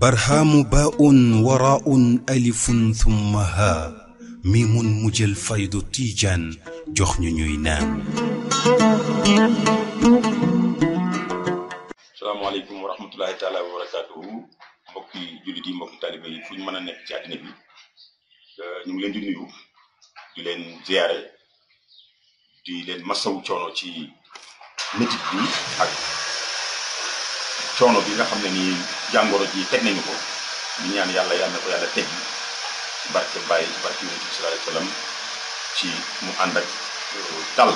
برهام baun waraun alifun ثم ها ميم مجل فيض تيجان جخن نينان السلام عليكم ورحمة الله تعالى وبركاته mbokki julit yi mbokki talibé yi fuñ mëna nekk ci adina di leen masawu coono ci métit bi ak coono bi nga xam ne ni jàngoro ji teg nañu ko di ñaan yàlla yàlla ko yàlla teg barke bàyyi barke yonent bi sallallahu alayhi wasallam ci mu ànd ak euh, dal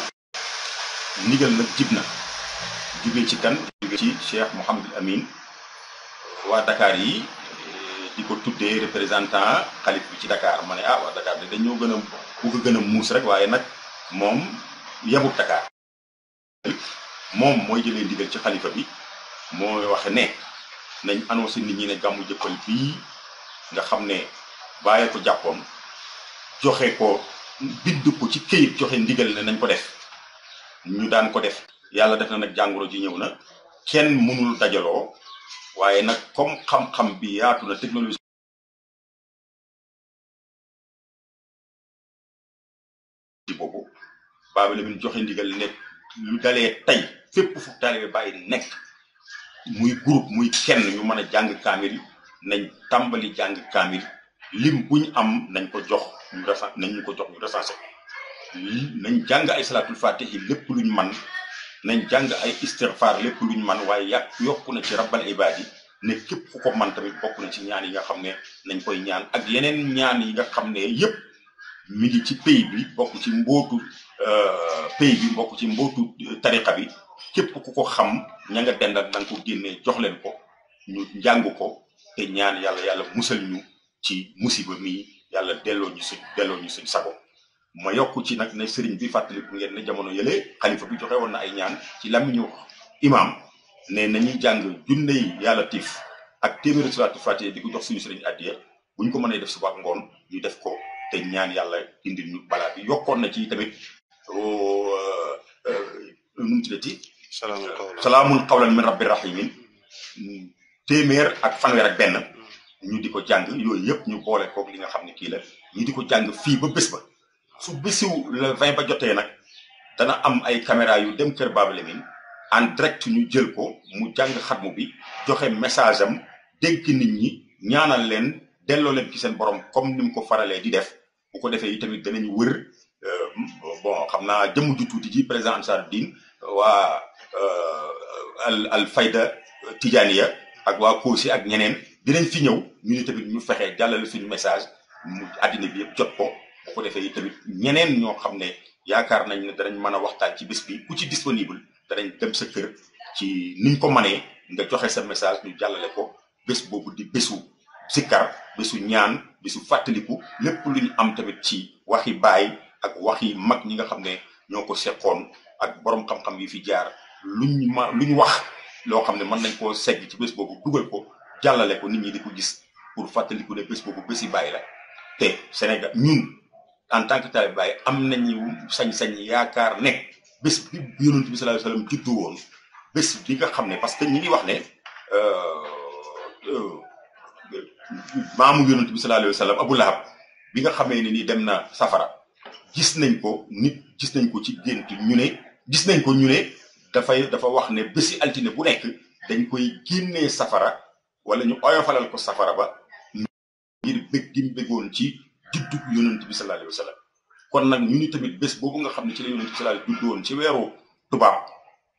ndigal nag jib na jugee ci kan jugee ci Cheikh Mouhamadul Amin waa Dakar yi euh, di ko tuddee représentant xalif bi ci Dakar ma ne ah waa Dakar de dañoo gën a ko gën a muus rek waaye nag moom yemut Dakar moom mooy jëlee ndigal ci xalifa bi mooy wax ne nañ annoncé nit ñi ne gàmmu jëppal bii nga xam ne bàyyee ko jàppoon joxe ko bind ko ci këyit joxe ndigal ne nañ ko def ñu daan ko def yàlla def na nag jàngoro ji ñëw na kenn mënul dajaloo waaye nag comme xam-xam bi yaatu na technologie boobu Baaba Lamin joxe ndigal nekk lu dalee tey fépp fu taalibe bàyyi nekk muy groupe muy kenn ñu mën a jàng kaamil nañ tàmbali jàng kaamil lim bu am nañ ko jox ñu nañ ñu ko jox ñu recensé nañ jàng ay salaatul i lépp luñ man nañ jàng ay istigfaar lépp luñ man waaye yàq yokku na ci rabbal ibaadi ne képp ku ko man tamit bokk na ci ñaan yi nga xam ne nañ koy ñaan ak yeneen ñaan yi nga xam ne yépp mi ngi ci pays bi bokk ci mbootu euh, pays bi bokk ci mbootu euh, tariqa bi képp ku ko xam ña nga dendal na nga ko génnee jox leen ko ñu njàng ko te ñaan yàlla yàlla musal ñu ci musiba mii yàlla delloo ñu suñ delloo ñu suñ sago ma yokk ci nag ne sëriñ bi fàttaliku ngeen ne jamono yële xalifa bi joxe woon na ay ñaan ci làmmiñu imaam ne nañuy jàng junney yàlla tiif ak téeméeri salaatu fàtte di ko jox suñu sëriñ addiya bu ñu ko mënee def suba ak ngoon ñu def ko te ñaan yàlla indi ñu balaa bi yokkoon na ci tamit oh, euh, euh, nu mu tuddati. salaamun qawlan min rabbi rahimin téeméer ak fanweer ak benn. ñu di ko jàng yooyu yëpp ñu boole koog li nga xam ne kii la ñu di ko jàng fii ba bés ba su bésiw le ba jotee nag dana am ay caméra yu dem kër Baba Lamine en direct ñu jël ko mu jàng xatmu bi joxe message am dénk nit ñi ñaanal leen delloo leen ci seen borom comme ni mu ko faralee di def bu ko defee itamit danañ wër euh, bon xam naa jëmu ju tuuti ji président Ansaruddin waa euh, al al fayda Tijaaniya ak waa Koosi ak ñeneen dinañ fi ñëw ñu ne tamit ñu fexe jàllale suñu message mu àddina bi yëpp jot ko bu ko defee tamit ñeneen ñoo xam ne yaakaar nañ ne danañ mën a waxtaan ci bés bi ku ci disponible danañ dem sa kër ci niñ ko manee nga joxe sa message ñu jàllale ko bés boobu di bésu sikkar bésu ñaan bisu fàttaliku lepp luñ am tamit ci waxi bay ak waxi mag ñi nga xamne ñoko ñoo ak borom xam-xam yi fi jaar luñ luñ wax lo xamne man nañ ko segg ci bes bobu duggal ko jallale ko nit ñi di ko gis pour fàttaliku ne bés boobu bési bay la te Sénégal ñun en tant que talib bay am ñi sañ-sañ yaakar ne bes bi bi sallallahu alayhi wasallam juddu woon bes bi nga xamne parce que ñi ngi wax ne euh, euh maamu yonent bi sallallahu alayhi wa sallam Abu Lahab bi nga xamee ne nii dem na safara gis nañ ko nit gis nañ ko ci gént ñu ne gis nañ ko ñu ne dafay dafa wax ne yi altine bu nekk dañ koy génnee safara wala ñu oyofalal ko safara ba ngir bég gi mu bégoon ci juddug yonent bi sallallahu alayhi kon nag ñu ni tamit bés boobu nga xam ne ci la yonent bi sallallahu ci weeru tubaab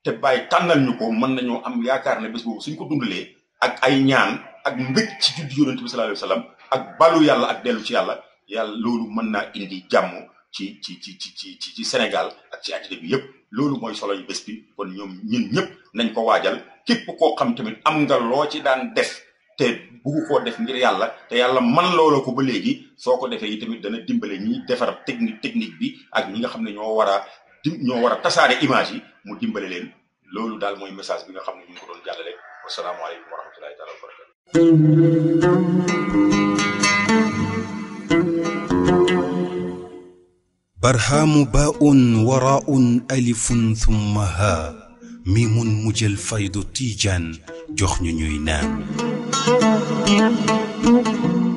te bàyyi tànnal ñu ko mën nañoo am yaakaar ne bés boobu suñ ko dundalee ak ay ñaan ak mbég ci judd yonent bi sallallahu alayhi ak balu yàlla ak dellu ci yàlla yàlla loolu mën naa indi jàmm ci ci ci ci ci ci Sénégal ak ci àddina yëpp loolu mooy solo yu bés bi kon ñoom ñun ñëpp nañ ko waajal képp koo xam tamit am nga loo ci daan def te bugg koo def ngir yàlla te yàlla man looloo ko ba léegi soo ko defee yi tamit dana dimbale ñi defar technique technique bi ak ñi nga xam ne ñoo war a ñoo war a tasaare image yi mu dimbale leen loolu daal mooy message bi nga xam ne ñu ngi ko doon jàllale السلام عليكم ورحمة الله تعالى وبركاته برهام باء وراء ألف ثم ها ميم مجل فيض تيجان جخن نام